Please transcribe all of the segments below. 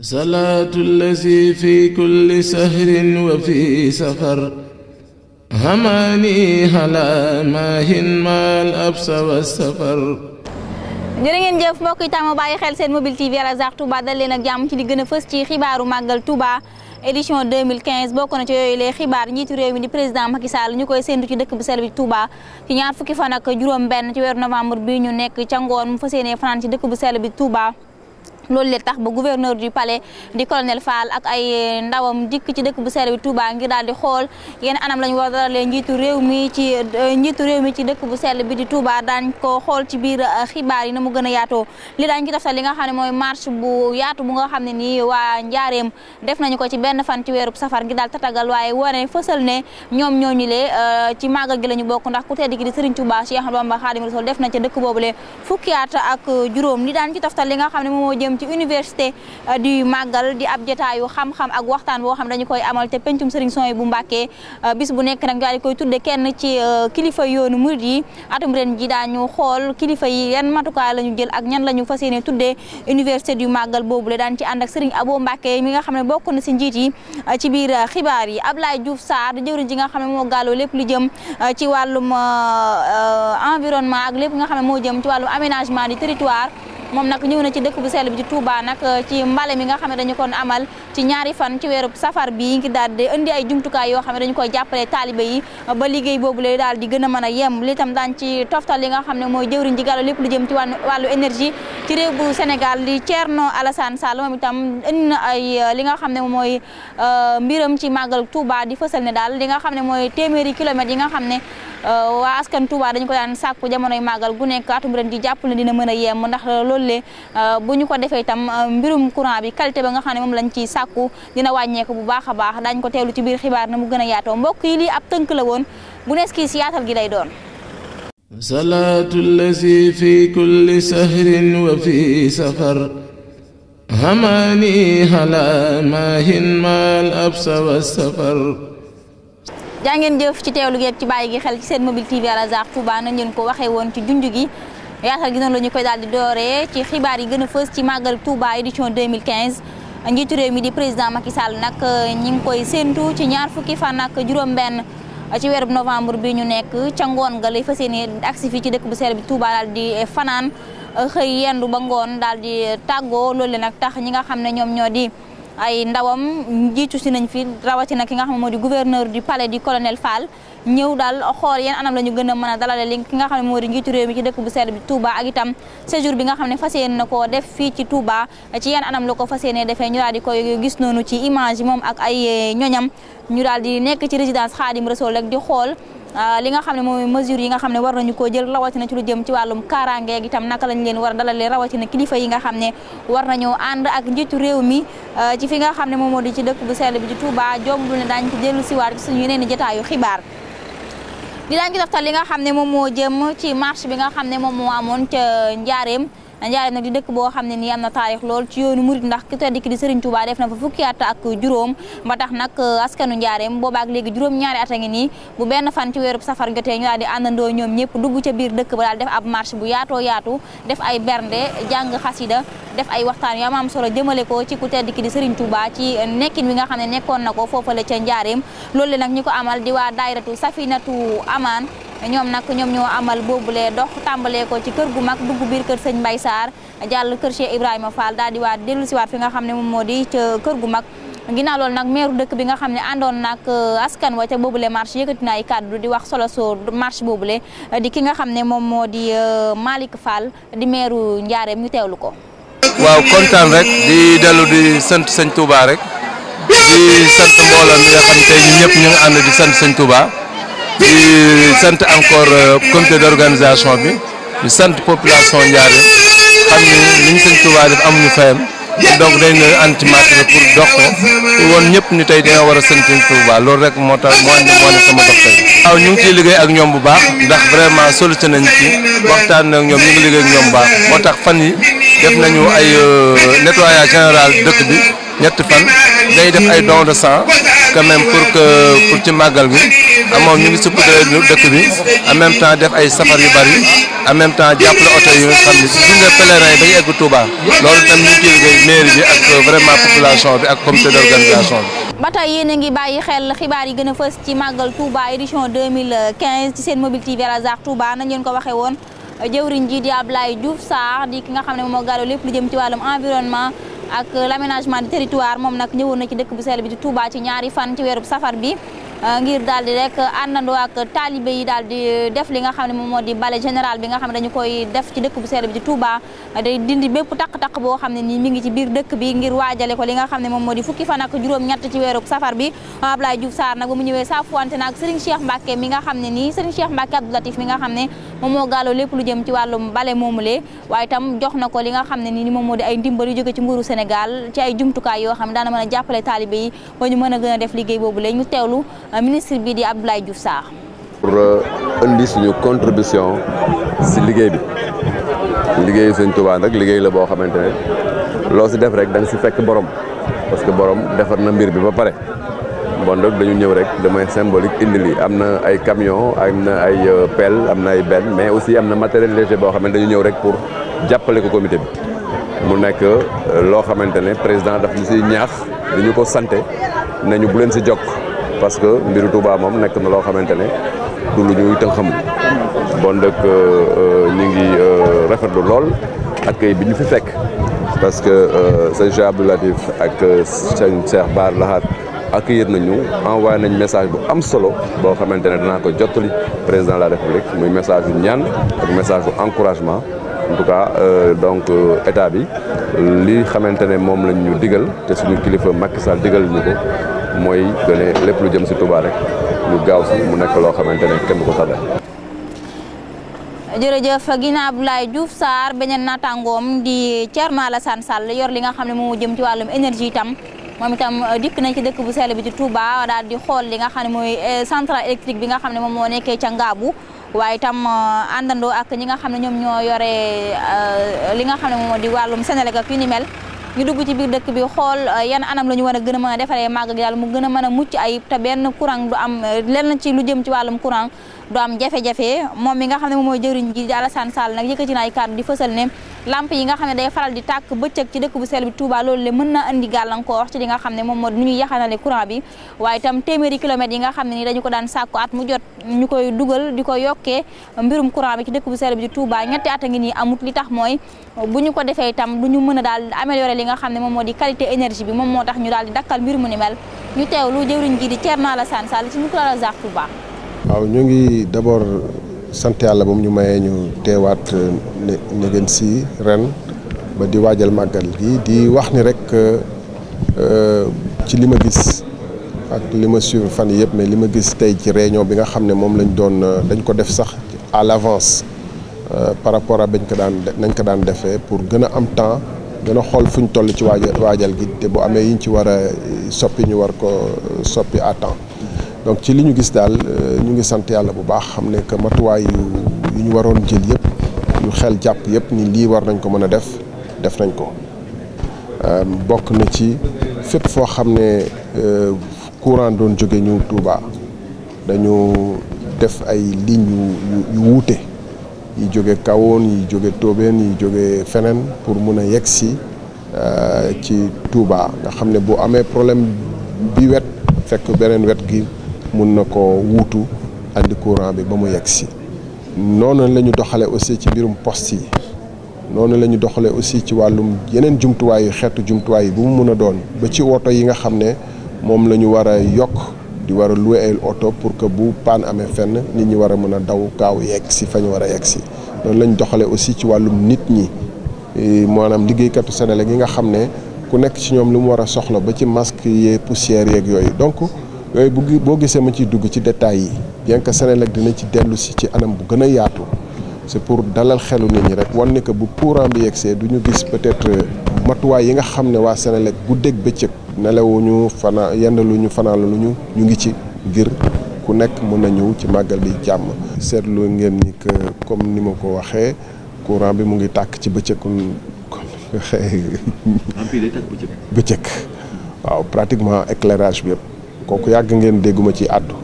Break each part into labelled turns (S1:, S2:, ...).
S1: salaatu allazi fi kulli sahrin wa fi safar hamani hala maahin maal absa wa
S2: safar
S3: jërë ngeen jëf mbokk yi taamu xel seen mobile TV Al Azhar Touba dal leen jàmm ci li gën a ci xibaaru màggal Touba édition 2015 bokk na ci yooyu lee xibaar njiitu réew mi di président Macky Sall ñu koy séntu ci dëkk bu sell bi Touba ci ñaar fukki fan ak juróom benn ci weeru novembre bii ñu nekk ca ngoon mu fas yéenee fanaan ci dëkk bu sell bi Touba loolu le tax ba gouverneur du palais di colonel Fall ak ay ndawam dikk ci dëkk bu sell bi Touba ngir daal di xool yenn anam lañ war a dalalee njiitu réew mi ci euh, njiitu réew mi ci dëkk bu sell bi di Touba daañ ko xool ci biir euh, xibaar yi na mu gën a yaatoo li daañ ci li nga xam ne mooy marche bu yaatu bu nga xam ne nii waa njaareem def nañu ko ci benn fan ci weerub safar ngir daal tatagal waaye wane fësal ne ñoom ñooñu lee euh, ci màggal gi la ñu gi di Serigne Touba Cheikh Ahmadou Bamba Khadim Rasoul def nañ ca dëkk boobu le fukki at ak juróom li daañ ci li nga xam ne moom moo jëm jëm ci université euh, du màggal di ab jotaayu xam-xam ak waxtaan boo xam dañu koy amal te pencum yi bu Mbacké euh, bis bu nekk nag daal di koy tuddee kenn ci euh, kilifa yoonu murid yi atum ren ji daañu xool kilifa yi yan matukaay la ñu jël ak ñan la ñu fas yéene tuddee université du màggal boobu la daan ci ànd ak Serigne Abo Mbacké mi nga xam ne bokk na si njiit yi ci biir xibaar yi ab Ablaye Diouf Sarr jëwriñ ji nga xam ne moo gàlloo lépp lu jëm ci wàllum environnement ak lépp nga xam ne moo jëm ci wàllum aménagement du territoire moom nag ñëw na ci dëkk bu sell bi ci Touba nag eh, ci mbale mi nga xam ne dañu kon amal ci ñaari fan ci weeru safar bi ngi daal di indi ay jumtukaay yoo xam ne dañu koy jàppale taalibe yi eh, ba liggéey boobu lay daal di gën a mën a yem li itam daan ci toftal li nga xam ne mooy jëwriñ ji gàllo lépp lu jëm ci wàllu énergie ci réew bu Sénégal di Thierno Alassane Sall moom itam indi na ay eh, li nga xam ne mooy mbiram ci màggal Touba di fësal ne daal li nga xam ne mooy téeméeri kilomètres yi nga xam ne Euh, waa askan Touba dañu ko daan sàkku jamonoy màggal gu nekk atum ren ji jàpp na dina mën a yem ndax euh, loolu euh, bu ñu ko defee itam mbirum courant bi qualité ba nga xam ne moom lañ ciy sàkku dina wàññeek bu baax a baax daañ ko teewlu ci biir xibaar na mu gën a yaatoo mbokk yi lii ab tënk la woon bu nees kii si yaatal gi lay doon
S1: salaatu lazi fi kulli sahrin wa fi safar hamaani hala maahin maal absa wa safar
S3: jaa ngeen jëf ci teewlu gi ak ci bàyyi gi xel ci seen mobile TV a Azhar Touba nañ leen ko waxee woon ci junj gi yaatal gi noonu la ñu koy daal di dooree ci xibaar yi gën a fës ci màggal Touba édition 2015 njiitu réew mi di président Macky Sall nag ñi ngi koy séentu ci ñaar fukki fan ak juróom-benn ci weerub novembre bi ñu nekk ca ngoon ga lay fas yéene aksi fii ci dëkk bu sell bi Touba daal di fanaan xëy yendu ba ngoon daal di tàggoo loolu nag tax ñi nga xam ne ñoom ñoo di. ay ndawam jiitu si nañ fii rawatina ki nga xam ne moo di gouverneur du palais du colonel Fall ñëw daal xool yan anam la ñu gën a mën a dalale li ki nga xam ne moo di njiitu réew mi ci dëkk bu sedd bi Touba ak itam séjour bi nga xam ne fas yéene na koo def fii ci Touba ci yen anam la ko fas yéene defee ñu daal di koy gis noonu ci image moom ak ay ñoñam ñu daal di nekk ci résidence Khadim Rassoul rek di xool Euh, li nga xam ne mooy mesures yi nga xam ne war nañu koo jël rawatina ci lu jëm ci wàllum kaaraange gi tam naka lañ leen war a dalalee rawatina kilifa yi nga xam ne war nañoo ànd ak njiitu réew mi euh, ci fi nga xam ne moom moo di ci dëkk bu sell bi ci Touba jombul ne daañ ci dellu siwaat ci suñu yeneen i xibaar di daañ ci daftal li nga xam ne moom moo jëm ci marche bi nga xam ne moom moo amoon ca Njaareem Ndiarème nag di dëkk boo xam ne nii am na taarix lool ci yoonu murit ndax ki tedd ki di Serigne Touba def na fa fukki at ak juróom ba tax nag euh, askanu Ndiarème boobaak léegi juróom ñaari at a ngi nii bu benn fan ci weeru safar jotee ñu di àndandoo ñoom ñëpp dugg ca biir dëkk ba daal def ab marche bu yaatoo yaatu def ay bernde jàng xasida def ay waxtaan yu am am solo jëmale ko ci ku tedd di Serigne ci nekkin wi nga xam ne nekkoon na ko foofale ca Njaareem loolu nag ñu ko amal di waa daayiratu Safinatu Amaan ñoom nag ñoom ñoo amal boobulee dox tàmbalee ko ci kër gu mag dugg biir kër sëñ Mbay Sarr jàll kër ci Ibrahima Fall daal di waat dellu si waat fi nga xam ne moom moo di ca kër gu mag ginnaaw loolu nag meeru dëkk bi nga xam ne àndoon nag euh, askan wa ca boobule marché yëkkati na ay kàddu di wax solo soo marché boobule euh, di ki nga xam ne moom moo di euh, Malick Fall di meeru Njaareem ñu lu ko
S2: waaw kontaan rek di dellu di
S1: sant sëñ Touba rek di sant mbooloo mi nga xam tey ñu ñëpp ñu ànd di sant sëñ Touba di sant encore euh, comité d'organisation bi di sant population Ndiarène xam ni liñ Sëñ Tuubaa def amuñu fayam donc dañ leen antimatérie pour dox woon ñëpp ni tey dina war a sant Sëñ Tuubaa loolu rek moo tax moo andi moo sama dox tey. waaw ñu ngi ciy liggéey ak ñoom bu ndax vraiment solutionné nañ ci waxtaan ak ñoom ñu ngi liggéey ak baax moo tax fan yi def nañu ay euh, nettoyage général dëkk bi ñetti fan day def ay don de sang. quand même pour que pour ci màggal gi amoon ah, ñu ngi sukkandee dëkk bi en même temps def ay safar yu bari en même temps jàppale oto yu nga xam ne si nga pèlerin bi ak vraiment population bi ak comité d'organisation bi.
S3: ba tey a ngi bàyyi xel xibaar yi gën a fës ci màggal Touba édition ci seen mobile TV Al-Azhar nañ leen ko waxee woon jëwriñ ji di Ablaye Diouf Sarr di ki nga xam ne moom moo gàllu lépp lu ci wàllum environnement. ak l'aménagement du territoire moom nag ñëwoon na ci dëkk bu sell bi di Touba ci ñaari fan ci weerub safar bi Euh, ngir daal di rek euh, àndandoo ak taalibe yi daal di euh, def li nga xam ne moom moo di bale général bi nga xam ne dañu koy def ci dëkk bu sell bi ci Touba day dindi bépp takk-takk boo xam ne nii mi ngi ci biir dëkk bi ngir waajale ko nga xam ne moom moo di fukki fan ak juróom-ñett ci weeru safar bi Ablaye Diouf mu ñëwee saafuwante nag Serigne Cheikh Mbacke mi nga xam ne nii Serigne Cheikh Mbacke Abdou Latif nga xam ne moom moo lépp lu jëm ci wàllum bale moomulee waaye itam jox na ko li nga xam ne nii moom moo di ay ndimbal yu jóge ci nguuru Sénégal ci ay jumtukaay yoo xam ne daana mën a jàppale taalibe yi ba ñu mën a gën a def liggéey boobu lee ñu teewlu Euh, ministre bi di Abdoulaye Diouf Sarr.
S2: pour euh, indi suñu contribution si liggéey bi liggéey Sëñ Tuubaa nag liggéey la boo xamante ne loo si def rek da si fekk borom parce que borom defar na mbir bi ba pare. bon donc dañu ñëw rek damay symbolique indi lii am na ay camion am na ay euh, pel am na ay benn mais aussi am na matériel léger boo xam ne dañu ñëw rek pour jàppale ko comité bi mu nekk loo xamante ne président daf ñu siy ñaax ko santé nañu bu leen si jokk parce que mbiru Touba moom nekk na loo xamante ne du lu ñuy tënxam bon dëkk euh, ñu ngi euh, rafetlu lool ak kay bi ñu fi fekk parce que euh, sëñ Cheikh Abdou Latif ak sëñ Cheikh Baar Lahat accueillir nañu envoyé nañ message bu am solo boo xamante ne danaa ko jottali président de la république muy message bu ñaan ak message encouragement en tout cas donc état bi li xamante ne moom lañ ñu digal te suñu kilifa Macky Sall digal ñu ko mooy lépp lu jëm si Touba rek lu gaaw si mu nekk loo xamante ne kenn du ko sàdda
S3: jërëjëf ginnaaw Abdoulaye Diouf Sarr beneen naataangoom di Thierno Alassane Sall yor li nga xam ne moo jëm ci wàllum énergie itam moom itam euh, dikk nañ ci dëkk bu sell bi ci Touba daal di xool li nga xam ne mooy euh, centrale électrique bi nga xam ne moom moo nekkee ca Ngaabu waaye itam euh, àndandoo ak ñi nga xam ne ñoom ñoo yore li nga xam ne moom di wàllum Sénélec ak yu ni ñu dugg ci biir dëkk bi xool euh, yan anam la ñu war a gën a mën a defaree màgg gi daal mu gën a mën a mucc ayib te benn courant du am euh, lenn ci lu jëm ci wàllum courant doom am jafe-jafe moom mi nga xam ne moom mooy jëriñ ji di Alassane saal nag yëkkati na ay kàddu di fësal ne lamp yi nga xam ne day faral di tàkk bëccëg ci dëkk bu sell bi Touba loolu le mën na indi gàllankoor ci li nga xam ne moom moo nu ñuy bi waaye itam téeméeri kilomètres yi nga xam ne ni dañu ko daan sàkku at mu ñu koy dugal di ko yokkee mbirum courant bi ci dëkk bu sell bi di Touba ñetti at a ngi nii amut li tax mooy bu ñu ko defee itam du ñu mën a daal améliorer li nga xam ne moom moo di qualité énergie bi moom moo tax ñu daal di dakkal mbir mu ni mel ñu teewlu jëwriñ ji di Thierno Alassane Sall ci micro la Touba
S1: waaw ñu ngi d'abord sant yàlla ba mu ñu mayee ñu teewaat euh, ne ngeen si ren ba di waajal màggal gi di wax ni rek euh, euh, ci li ma gis ak li ma suivre fan yëpp mais li ma gis tey ci réunion bi nga xam ne moom lañ doon dañ ko def sax à l'avance par rapport à dañ ko daan nañ ko daan defee pour gën a am temps gën a xool fu ñu toll ci waajal waajal gi te bu amee yi ñu ci war a soppi ñu war ko soppi à temps donc ci li ñu gis daal euh, ñu ngi sant yàlla bu baax xam ne que matuwaay yu ñu waroon jël yëpp yu xel jàpp yëpp ni lii war nañ ko mën a def def nañ ko euh, bokk na ci fépp foo xam ne euh, courant doon jóge ñu Touba dañu def ay lignes yu yu wuute yi jóge kawoon yi jóge toobeen yi jóge feneen pour mën a yegg si ci Touba nga xam ne bu amee problème bi wet fekk beneen wet gi mun na ko wuutu andi courant bi ba mu yegg si noonu lañu ñu doxalee aussi ci mbirum poste yi noonu la ñu doxalee aussi ci wàllum yeneen jumtuwaay yu xeetu jumtuwaay yi bu mu mun a doon ba ci oto yi nga xam ne moom la ñu war a yokk di war a louer ay oto pour que bu paan amee fenn nit ñi war a mën a daw gaaw yegg si fa ñu war a yegg si noonu la ñu aussi ci wàllum nit ñi e, maanaam liggéeykatu Senelec yi nga xam ne ku nekk ci ñoom lu mu war a soxla ba ci masque yee poussière yeeg yooyu donc yooyu bu boo gisee ma ciy dugg ci détails yi bien que Senelec dina ci dellu si ci anam bu gën a yaatu c'est pour dalal xelu nit ñi rek wan ne que bu courant bi yegsee du ñu gis peut-être matuwaay yi nga xam ne waa Senelec guddeeg bëccëg nelawuñu fana yendaluñu fanaaluñu ñu ngi ci ngir ku nekk mën na ñëw ci màggal bi jàmm. seetlu ngeen ni que comme ni ma ko waxee courant bi mu ngi tàkk ci bëccëg comme ko waxee. Ah, bëccëg. waaw pratiquement éclairage bi yëpp. kooku yàgg ngeen dégguma ci àddu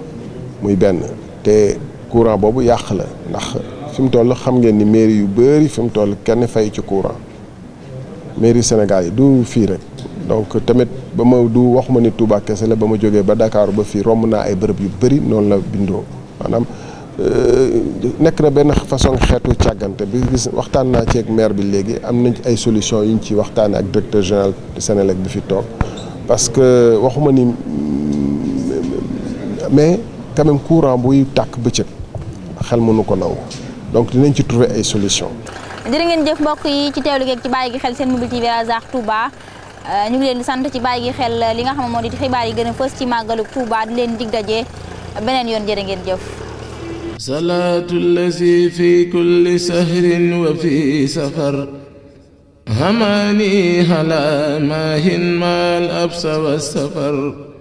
S1: muy benn te courant boobu yàq la ndax fi mu toll xam ngeen ni mairie yu bëri fi mu toll kenn fay ci courant mairie Sénégal yi du fii rek donc tamit ba ma du waxuma ni Touba kese la ba ma jógee ba dakaaru ba fii romb naa ay bërëb yu bëri noonu la bindoo maanaam euh, nekk na benn façon xeetu càggante bi gis waxtaan naa ci ak maire bi léegi am nañ ay solution yu ñu ci waxtaanee ak directeur général Sénélec bi fi toog mais quand même courant buy tàkk bëccëg xel mënu ko nangu donc dinañ ci trouver ay solution
S3: jërë ngeen jëf mbokk yi ci teewlu geeg ci bàyyi gi xel seen mobile TV Razakh Touba euh, ñu leen di sant ci bàyyi gi xel li nga xam moo di xibaar yi gën a fës ci màggalu Touba di leen dig daje beneen yoon jërë ngeen jëf
S1: salaatu lazi fi kulli sahrin wa fi safar hamaani hala maahin maal absa wa safar